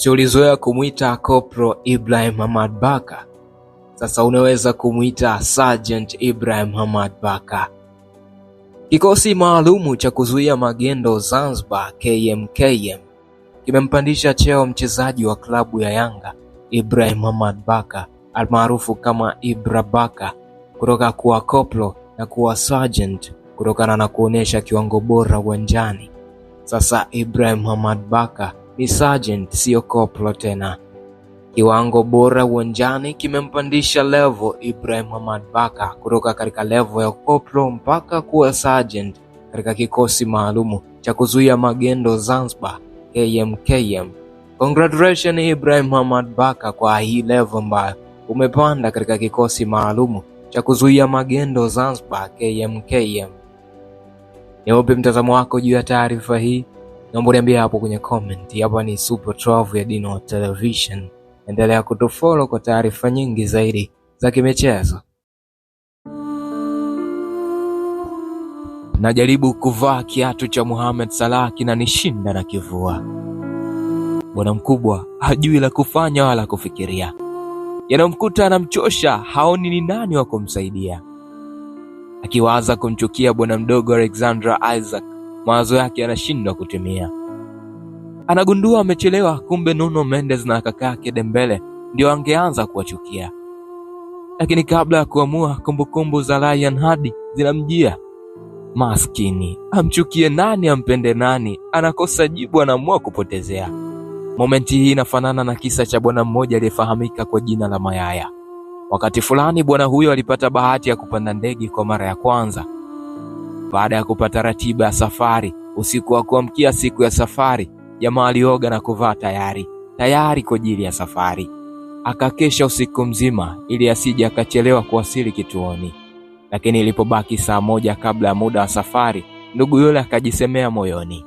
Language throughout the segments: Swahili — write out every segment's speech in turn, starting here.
Si ulizoea kumwita Kopro Ibrahim Hamad Baka, sasa unaweza kumwita Sergeant Ibrahim Hamad Baka. Kikosi maalumu cha kuzuia magendo Zanzibar KMKM kimempandisha cheo mchezaji wa klabu ya Yanga Ibrahim Hamad Baka almaarufu kama Ibra Baka kutoka kuwa koplo na kuwa sergeant kutokana na kuonyesha kiwango bora uwanjani. Sasa Ibrahim Hamad Baka ni Sergeant, siyo koplo tena. Kiwango bora uwanjani kimempandisha levo Ibrahim Ahmad Baka kutoka katika levo ya koplo mpaka kuwa sergeant katika kikosi maalumu cha kuzuia magendo Zanzibar KMKM. Congratulations Ibrahim Ahmad Baka kwa hii levo ambayo umepanda katika kikosi maalumu cha kuzuia magendo Zanzibar KMKM. Ni upi mtazamo wako juu ya taarifa hii? Naomba niambia hapo kwenye comment. Hapa ni Super Travel ya Dino Television. Endelea kutufollow kwa taarifa nyingi zaidi za kimichezo. Najaribu kuvaa kiatu cha Mohamed Salah kinanishinda na kivua. Bwana mkubwa hajui la kufanya wala kufikiria, yanamkuta anamchosha, haoni ni nani wa kumsaidia, akiwaza kumchukia bwana mdogo Alexandra Isaac mawazo yake yanashindwa kutimia. Anagundua amechelewa, kumbe Nuno Mendes na kaka yake Dembele ndio angeanza kuwachukia. Lakini kabla ya kuamua, kumbukumbu za Ryan Hadi zinamjia. Maskini amchukie nani, ampende nani? Anakosa jibu, anaamua kupotezea. Momenti hii inafanana na kisa cha bwana mmoja aliyefahamika kwa jina la Mayaya. Wakati fulani bwana huyo alipata bahati ya kupanda ndege kwa mara ya kwanza. Baada ya kupata ratiba ya safari, usiku wa kuamkia siku ya safari, jamaa alioga na kuvaa tayari tayari kwa ajili ya safari. Akakesha usiku mzima ili asije akachelewa kuwasili kituoni, lakini ilipobaki saa moja kabla ya muda wa safari, ndugu yule akajisemea moyoni,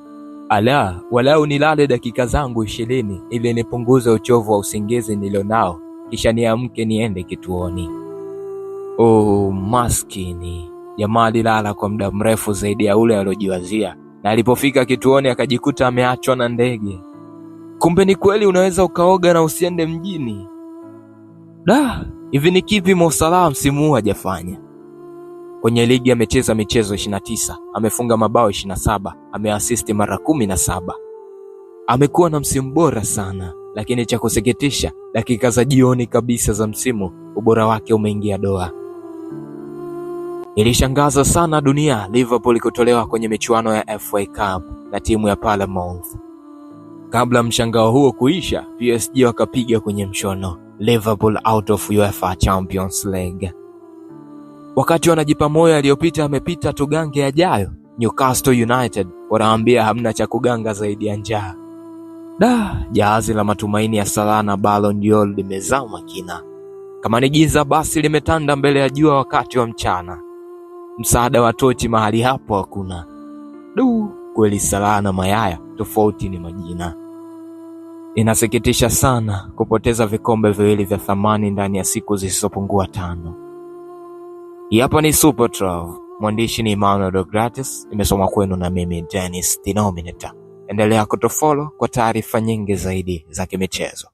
ala, walau nilale dakika zangu ishirini ili nipunguze uchovu wa usingizi nilionao, kisha niamke niende kituoni. Oh, maskini Jamaa alilala kwa muda mrefu zaidi ya ule aliojiwazia, na alipofika kituoni akajikuta ameachwa na ndege. Kumbe ni kweli, unaweza ukaoga na usiende mjini. Da, hivi ni kipi Mo Salah msimu huu hajafanya? Kwenye ligi amecheza michezo 29, amefunga mabao 27, ameasisti mara 17. Amekuwa na msimu bora sana, lakini cha kusikitisha, dakika za jioni kabisa za msimu, ubora wake umeingia doa. Ilishangaza sana dunia Liverpool kutolewa kwenye michuano ya FA Cup na timu ya Plymouth. Kabla mshangao huo kuisha, PSG wakapiga kwenye mshono Liverpool out of UEFA Champions League. Wakati wanajipa moyo aliyopita amepita, tugange yajayo. Newcastle United wanaambia hamna cha kuganga zaidi ya njaa. Da, jahazi la matumaini ya Salah na Ballon d'Or limezama kina. Kama ni giza basi limetanda mbele ya jua wakati wa mchana. Msaada wa tochi mahali hapo hakuna. Du, kweli salaa na mayaya, tofauti ni majina. Inasikitisha sana kupoteza vikombe viwili vya thamani ndani ya siku zisizopungua tano. Hapa ni Super Trove, mwandishi ni Emmanuel Dogratis, imesoma kwenu na mimi Dennis Dinominator. Endelea kutofollow kwa taarifa nyingi zaidi za kimichezo.